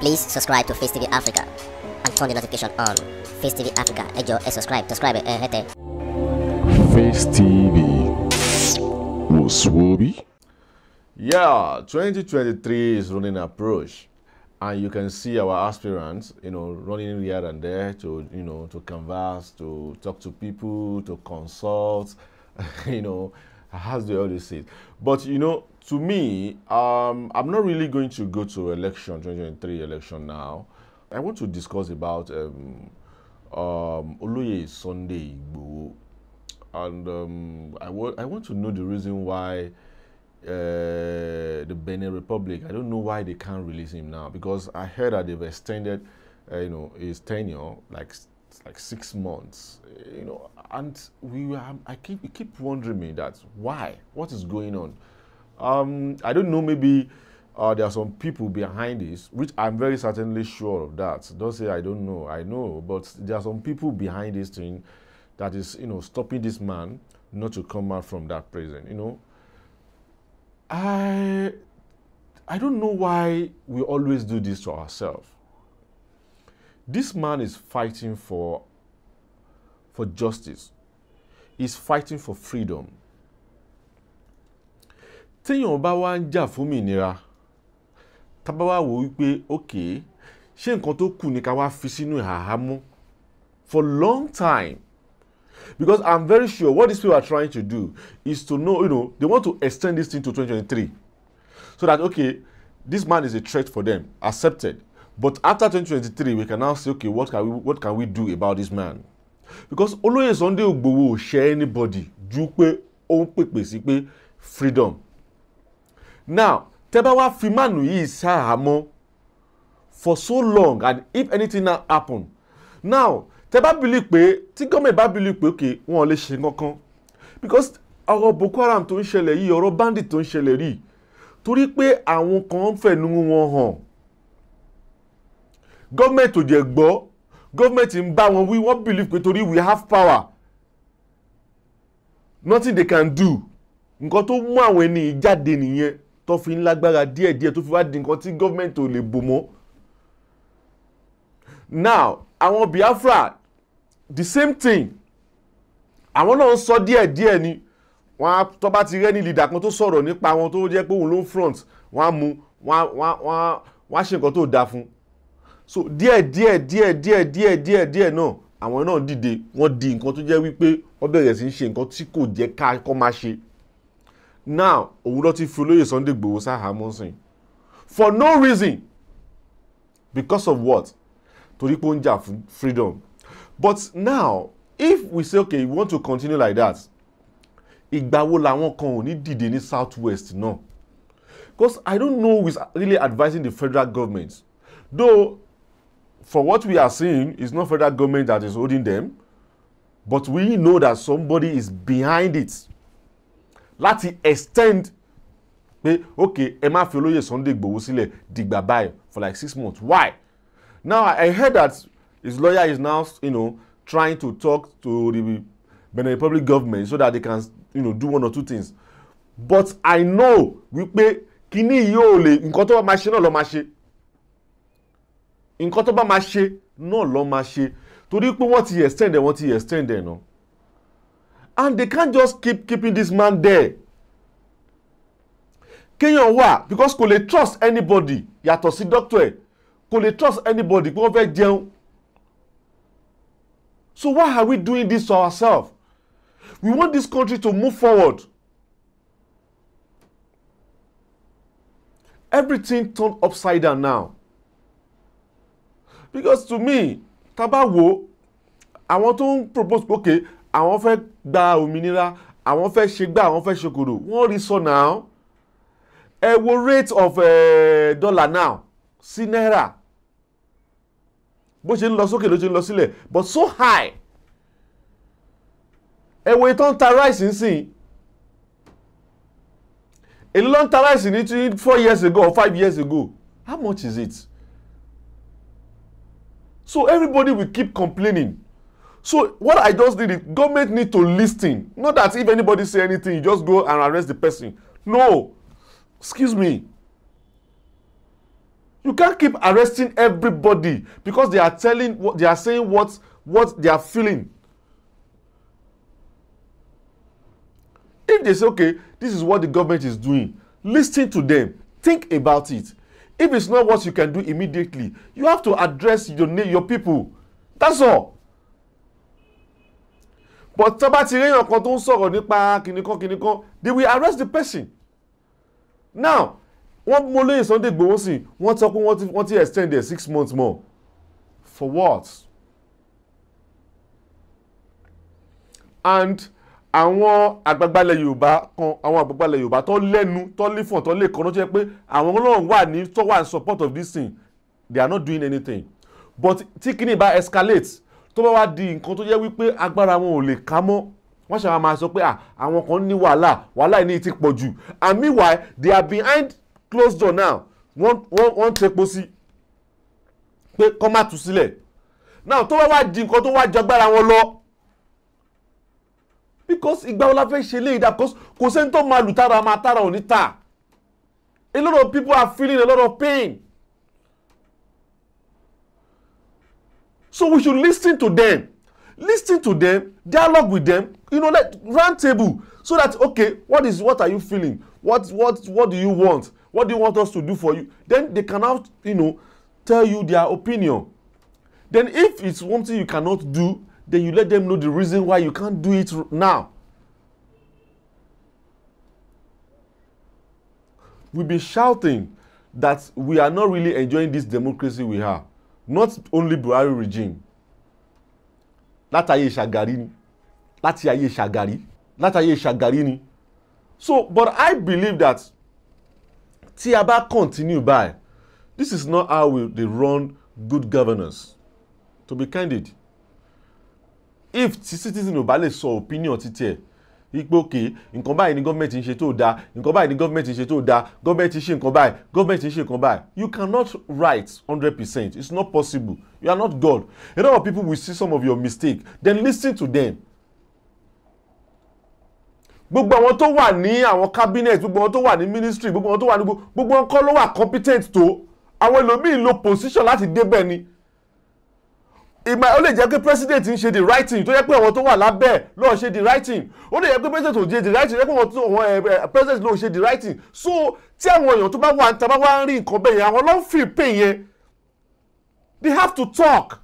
Please subscribe to Face TV Africa and turn the notification on. Face TV Africa, ẹ jọ̀ọ́ subscribe, subscribe ẹ hẹ́tẹ̀. Face TV was Wobi. Yeah, 2023 is running approach and you can see our aspirants you know running here and there to you know to converse to talk to people to consult you know as they always say but you know to me, um, I'm not really going to go to election, 2023 election now. I want to discuss about um, um, Oluye Sunday Igbo. And um, I, I want to know the reason why uh, the Benin Republic, I don't know why they can't release him now because I heard that they've extended, uh, you know, his tenure like like six months, you know, and we um, I keep, keep wondering me that why, what is going on? Um, I don't know, maybe uh, there are some people behind this, which I'm very certainly sure of that. Don't say I don't know, I know, but there are some people behind this thing that is, you know, stopping this man not to come out from that prison, you know. I I don't know why we always do this to ourselves. This man is fighting for for justice. He's fighting for freedom. téèyàn bá wá ń jà fún mìnira tábà wá wò wípé òkè ṣé nǹkan tó kù ni ká wá fi sínú ìhàhámọ́ for long time because i'm very sure what these people are trying to do is to know you know they want to extend this thing to 2023 so that okay this man is a threat for them accepted but after 2023 we can now say okay what can we what can we do about this man because olóyè Sunday Igboho ò ṣe anybody ju pé ó ń pèpè sí pé freedom now tẹ́ bá wá fi mánu yìí ṣàhámọ́ for so long and if anything now happen now tẹ́ bá believe pé tí gọ́ọ̀mẹ̀ bá believe pé okay wọn ò lè ṣe kankan because ọ̀rọ̀ Boko Haram tó ń ṣẹlẹ̀ yìí ọ̀rọ̀ bandit tó ń ṣẹlẹ̀ rí torí pé àwọn kan ń fẹ̀nu wọn hàn gọ́ọ̀mẹ̀ntì ò jẹ́ gbọ́ gọ́ọ̀mẹ̀ntì ń bá wọn wí wọ́n believe pé torí we have power nothing they can do nǹkan tó mú àwọn ẹni jáde nìyẹn tó fi ń lágbára díẹ̀díẹ̀ tó fi wá di nǹkan tí gọ́ọ̀mẹ̀ntì ò lè bò mọ́. now àwọn Biafra the same thing àwọn náà ń sọ díẹ̀díẹ̀ ni wọ́n á tó bá ti rẹ́ni leader kan tó sọ̀rọ̀ nípa àwọn tó jẹ́ pé òun ló ń front wọ́n á mú wọ́n á wọ́n á ṣe nǹkan tó dáa fún so díẹ̀díẹ̀ díẹ̀díẹ̀ díẹ̀díẹ̀ náà àwọn náà dìde wọ́n di nǹkan tó jẹ́ wípé wọ́n bẹ̀rẹ̀ sí í ṣe nǹkan tí kò jẹ́ ká kọ́ máa ṣe now òun ló ti fi olóyè Sunday Igboho sáhàámọ́ sìn for no reason because of what torí pé ó ń jà fún freedom but now if we say okay we want to continue like that ìgbà wo làwọn kan ò ní dìde ní south west náà because i don't know who is really advising the federal government though for what we are seeing it's not federal government that is holding them but we know that somebody is behind it láti extend pé ok ẹ má fi olóyè Sunday Igboho sílẹ̀ dìgbà báyìí for like six months why now I heard that his lawyer is now you know, trying to talk to the Benin Republic government so that they can you know, do one or two things but I know wípé kíní yóò lè nǹkan tó bá máa ṣe náà ló máa ṣe nǹkan tó bá máa ṣe náà ló máa ṣe torí pé wọ́n ti extend ẹ̀ wọ́n ti extend ẹ̀ náà and they can't just keep keeping this man there kéèyàn wà because kò lè trust anybody yàtọ̀ sí doctor ẹ̀ kò lè trust anybody pé wọ́n fẹ́ jẹun so why are we doing this to ourselves we want this country to move forward everything turned upside down now because to me Taba Wo, I àwọn to propose okay àwọn fẹ́ gba òmìnira àwọn fẹ́ ṣe gbá àwọn fẹ́ ṣe kòdò wọ́n rí sọ náà ẹ wo rate of eh, dollar now sí náírà bó ṣe ń lọ sókè ló ṣe ń lọ sílẹ̀ but so high ẹ wo ìtàn ta rice ń sìn èlò ló ń ta rice ní three four years ago or five years ago how much is it so everybody will keep complaining So what I just did is government need to listen. Not that if anybody say anything, you just go and arrest the person. No. Excuse me. You can't keep arresting everybody because they are telling what they are saying what what they are feeling. If they say, okay, this is what the government is doing, listen to them, think about it. If it's not what you can do immediately, you have to address your your people. That's all but tó bá ti réyàn kan tó ń sọ̀rọ̀ nípa kìnìkan kìnìkan they will arrest the person now wọ́n mú lóye Sunday Igboho sí wọ́n sọ pé wọ́n ti extend there six months more for what and àwọn àgbàgbàlẹ̀ Yorùbá kan àwọn àgbàgbàlẹ̀ Yorùbá tó lẹ́nu tó lífọ̀n tó lè kọ́ ló jẹ́ pé àwọn ọlọ́run wà ní tó wà in support of this thing they are not doing anything but tí kìíní bá escalate tó bá wá di nǹkan tó jẹ́ wípé agbára wọn ò lè ká mọ́ wọ́n ṣe máa sọ pé àwọn kan ní wàhálà wàhálà yìí ní ti pọ̀ jù and meanwhile they are behind closed door now wọ́n wọ́n tepo sí pé kọ́ má tú sílẹ̀ now tó bá wá di nǹkan tó wá jagbára wọn lọ because ìgbà wo la fẹ́ ṣe léyìí dá because kò sẹ́ni tó máa lù tára máa tára ò ní ta a lot of people are feeling a lot of pain. So we should listen to them. Listen to them, dialogue with them, you know, let round table so that okay, what is what are you feeling? What what what do you want? What do you want us to do for you? Then they can have, you know, tell you their opinion. Then if it's one thing you cannot do, then you let them know the reason why you can't do it now. We've been shouting that we are not really enjoying this democracy we have not only Buhari regime látàyè Ṣàgàrí ni láti ayé Ṣàgàrí látàyè Ṣàgàrí ni so but I believe that tí a bá continue by this is not how we dey run good governance to be candid if ti citizen ò bá lè sọ opinion títí ẹ̀ wípé òkè nǹkan báyìí ni gọ́ọ̀mẹ̀ntì ń ṣe tó dáa nǹkan báyìí ni gọ́ọ̀mẹ̀ntì ń ṣe tó dáa gọ́ọ̀mẹ̀ntì ń ṣe nǹkan báyìí gọ́ọ̀mẹ̀ntì ń ṣe nǹkan báyìí you cannot write hundred percent it's not possible you are not God a lot of people will see some of your mistake then listen to them gbogbo àwọn tó wà ní àwọn cabinet gbogbo àwọn tó wà ní ministry gbogbo àwọn tó wà ní gbogbo wọn kọ́ ló wà competent tó àwọn ẹlòmíì lo position láti débẹ̀ ni ìgbà ó lè jẹ́ pé president ń ṣe the writing. thing tó yẹ pé àwọn tó wà lábẹ́ lọ́ọ́ ṣe the right thing ó lè jẹ́ pé president ò ṣe the right thing ó yẹ pé àwọn eh, eh, president ló ṣe the writing. so tí àwọn èèyàn tó bá wà níta bá wà ń rí nǹkan bẹ́ẹ̀ yẹn àwọn ló fi pè yẹn they have to talk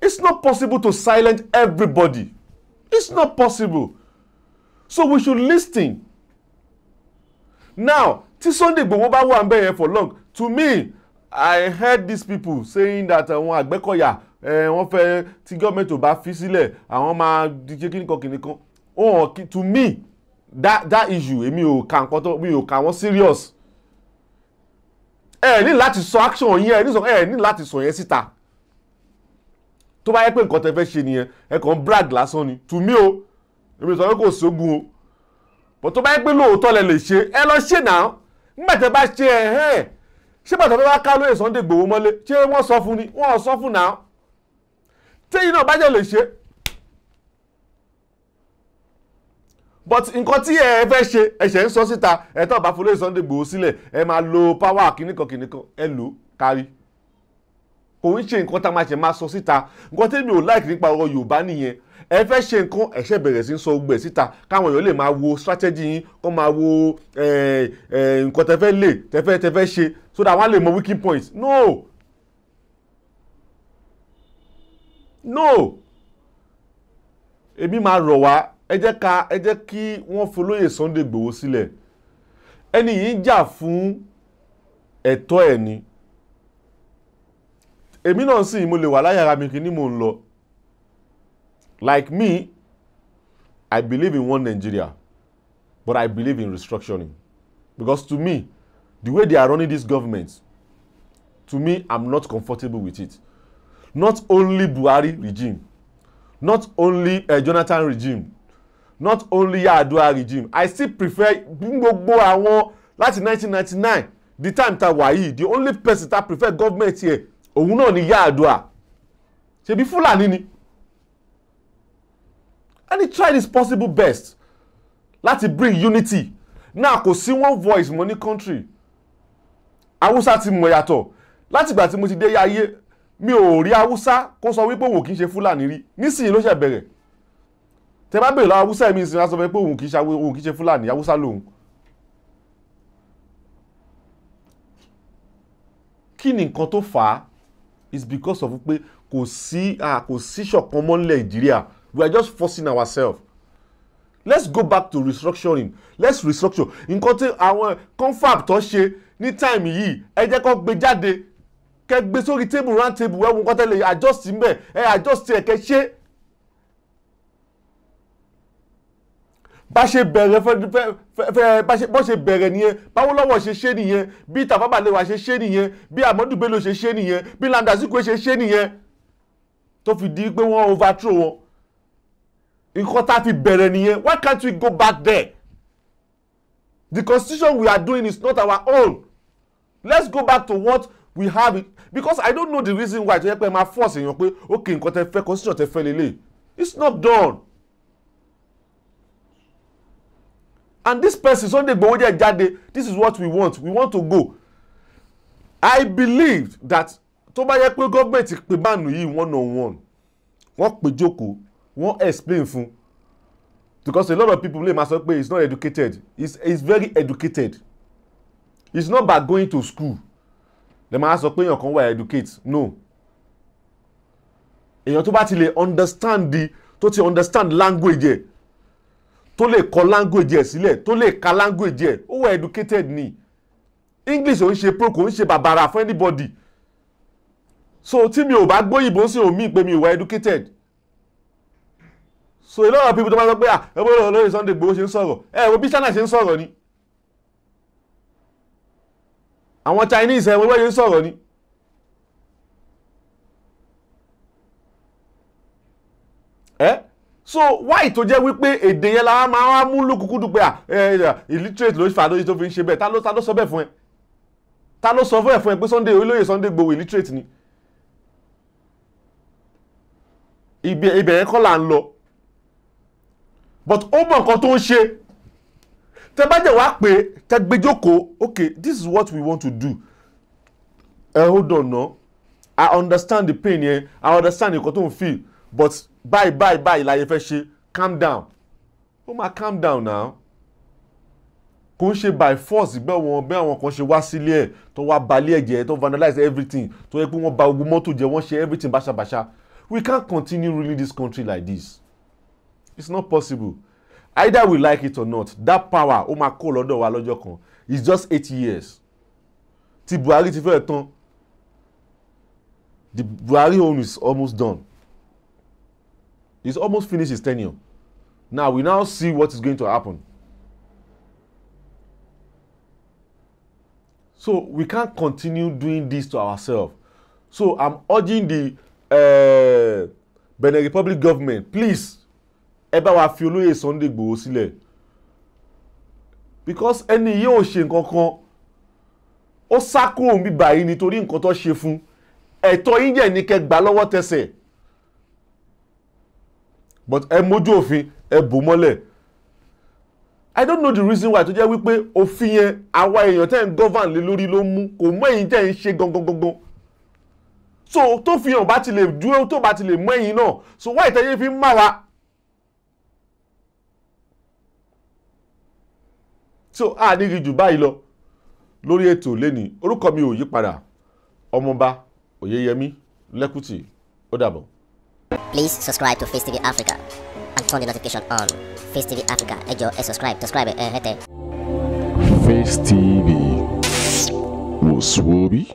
it's not possible to silence everybody it's not possible so we should listen now tí Sunday Igboho bá wà ń bẹ̀ yẹn for long to me I heard these people saying that àwọn Àgbẹ̀kọ̀yà eh, wọ́n fẹ́ tí gọ́ọ̀mẹ̀ntì ò bá fi sílẹ̀ àwọn máa díje kíníkan kíníkan oh to me that that issue èmi ò kà nǹkan tó mi ò kà wọ́n serious ẹ ní láti sọ action yẹn ẹ ní láti sọ yẹn síta tó bá yẹ pé nǹkan tẹ fẹ́ ṣe nìyẹn ẹ kàn brag lásán ni to me o èmi sọ pé kò sógun o but tó bá yẹ pé lóòótọ́ lẹ lè ṣe ẹ lọ ṣe náà nígbà tẹ bá ṣe ẹ hẹ́ẹ̀ ṣé bàtà tó bá ká lóye Sunday Igboho mọ́lé ṣé wọ́n sọ fún ni wọ́n sọ fún náà téyí náà bá jẹ́ lè ṣe but nǹkan tí ẹ fẹ́ ṣe ẹ̀ṣẹ̀ ń sọ síta ẹ̀ tó bá fún lóye Sunday Igboho sílẹ̀ ẹ máa lo power kìnnìkan kìnnìkan ẹ lò kárí kò ń ṣe nǹkan tá a máa ṣe máa sọ síta nǹkan tẹ́mi ò láìkì nípa ọ̀rọ̀ Yorùbá nìyẹn ẹ fẹ́ ṣe nǹkan ẹ̀ṣẹ̀ bẹ̀rẹ̀ sí sọ gbẹ̀ síta káwọn èèyàn lè máa wo strategy yín kó máa wo nǹkan tẹ́fẹ́ lè tẹ́fẹ́ tẹ́fẹ́ ṣe so that wọ́n á lè mọ weak points no no èmi máa rọ̀ wá ẹ jẹ́ ká ẹ jẹ́ kí wọ́n folóyè Sunday Igboho sílẹ̀ ẹni yìí ń jà fún ẹ̀tọ́ ẹ̀ ni èmi náà sì mo lè wà láyàrá mi kí ni mò ń lọ Like me, I believe in one Nigeria, but I believe in restructuring. Because to me, the way they are running this government, to me, I'm not comfortable with it. Not only Buhari regime, not only uh, Jonathan regime, not only Yahadua regime. I still prefer gbogbo àwọn láti 1999 the time ta wà yìí the only person ta prefer government here òun náà ni Yar'Adua ṣebí Fúlàní ni and he tried his possible best láti bring unity náà kò sí one voice mọ́ ní country haúsá ti mọ̀ yàtọ̀ látìgbà tí mo ti dé yáyé mi ò rí haúsá kó sọ wípé òun kì í ṣe fúlàní rí nísìnyí ló ṣẹ̀ bẹ̀rẹ̀ tẹ bá bèrè lọ haúsá mi ìsinmi sọ pé òun kì í ṣe òun kì í ṣe fúlàní haúsá lòun. kí ni nǹkan tó fà á is because of pé kò sí kò sí ṣọ̀kan mọ́ nílẹ̀ nàìjíríà we are just forcing ourselves let's go back to restructuring let's restructure nǹkan tí àwọn confab tó ṣe ní time yìí ẹ jẹ́ kó gbé jáde kẹ́ gbé sórí table round table wẹ́wù nǹkan tẹ́lẹ̀ adjust mbẹ̀ ẹ adjust ẹ̀ kẹ́ ṣe. bá ṣe bẹ̀rẹ̀ fẹ́ bá ṣe bẹ̀rẹ̀ nìyẹn báwo lọ́wọ́ ṣe ṣe nìyẹn bí Tafawa Balewa ṣe ṣe nìyẹn bí Ahmadu Bello ṣe ṣe nìyẹn bí Nnamdi ṣe ṣe nìyẹn tó fi di pé wọ́n overthrow wọn nǹkan tá a fi bẹ̀rẹ̀ nìyẹn why can't we go back there the constitution we are doing is not our own let's go back to what we have it because i don't know the reason why to yẹ pé máa force èèyàn pé ok nǹkan tẹ constitution tẹ fẹ́ lélẹ̀ it's not done and this person Sunday Igboho jẹ jáde this is what we want we want to go i believe that tó bá yẹ pé gọ́ọ̀mẹ̀ntì pè mánu yìí one on one wọ́n pè jókòó wọ́n explain fún because a lot of people lè máa sọ pé he's not educated he's he's very educated it's not by going to school lè máa sọ pé èèyàn kan wà educate no èèyàn tó bá ti lè understand the tó ti understand language ẹ̀ tó lè kọ language ẹ̀ sílẹ̀ tó lè ka language ẹ̀ ó wà educated ni english ò ń ṣe pro kò ń ṣe bàbàrà fún anybody so tí mi ò bá gbóyìnbó sí omi pé mi ò wà educated so a lot of people tó máa sọ pé ah ẹgbẹ́ olóyè Sunday Igboho ṣe ń sọ̀rọ̀ ẹ wo bí China ṣe ń sọ̀rọ̀ ni àwọn Chinese ẹ wo ṣe ń sọ̀rọ̀ ni. so why tó jẹ́ wípé èdè yẹn la máa wá mú lókùnkúndùn pé ah illiterate ló fà lóyún tó fi ń ṣe bẹ́ẹ̀ ta ló ta ló sọ bẹ́ẹ̀ fún ẹ ta ló sọ fún fún ẹ pé Sunday olóyè Sunday Igboho illiterate ni ibẹ̀ yẹn kọ́ là ń lọ but ó mọ nǹkan tó ń ṣe tẹ bá jẹ́ wá pé tẹ gbé jókòó okay this is what we want to do ẹ eh, hold on no i understand the pain yẹn i understand nǹkan tó ń feel but bye, bye. báyìí láyé fẹ́ ṣe calm down ó máa calm down now kò ń ṣe by force bẹ́ẹ̀ wọn bẹ́ẹ̀ àwọn kan ṣe wá sílé ẹ̀ tó wá balẹ̀ ẹ̀jẹ̀ tó vandalize everything tó yẹ pé wọ́n ba gbogbo mọ́tò jẹ́ wọ́n ṣe everything báṣabàṣa we can't continue ruling this country like this it's not possible either we like it or not that power ó máa kó lọ́dọ̀ wa lọ́jọ́ kan it's just eight years tí Buhari ti fẹ́ẹ̀ tán the Buhari own is almost done he's almost finished his tenure now we now see what is going to happen so we can't continue doing this to ourselves so i'm urging the uh, Benin Republic government please ẹ bá wa fi olóyè Sunday Igboho sílẹ̀ because ẹni yìí ò ṣe nǹkan kan ó sá kúrò níbi báyìí nítorí nǹkan tó ṣe fún ẹ̀tọ́ yín jẹ́ ní gbà lọ́wọ́ tẹsẹ̀ but ẹ mójú òfin ẹ bò mọ́lẹ̀ i don't know the reason why tó jẹ́ wípé òfin yẹn àwa èèyàn tẹ́ ń govern lé lórí ló mú kò mọ èyí tẹ́ ń ṣe gangan so tó fi hàn bá ti lè dúró tó bá ti lè mọ èyí náà so why ìtẹ́yẹ fi ń mára so a nírí jù báyìí lọ lórí ètò lẹ́nìí orúkọ mi ò yí padà ọmọọba Oyeyemi Lẹ́kùtì ó dàbọ̀. Please subscribe to Face TV Africa and turn the notification on Face TV Africa ẹ jọ̀ọ́ ẹ subscribe subscribe ẹ hẹtẹ. Face TV wò sùn orí.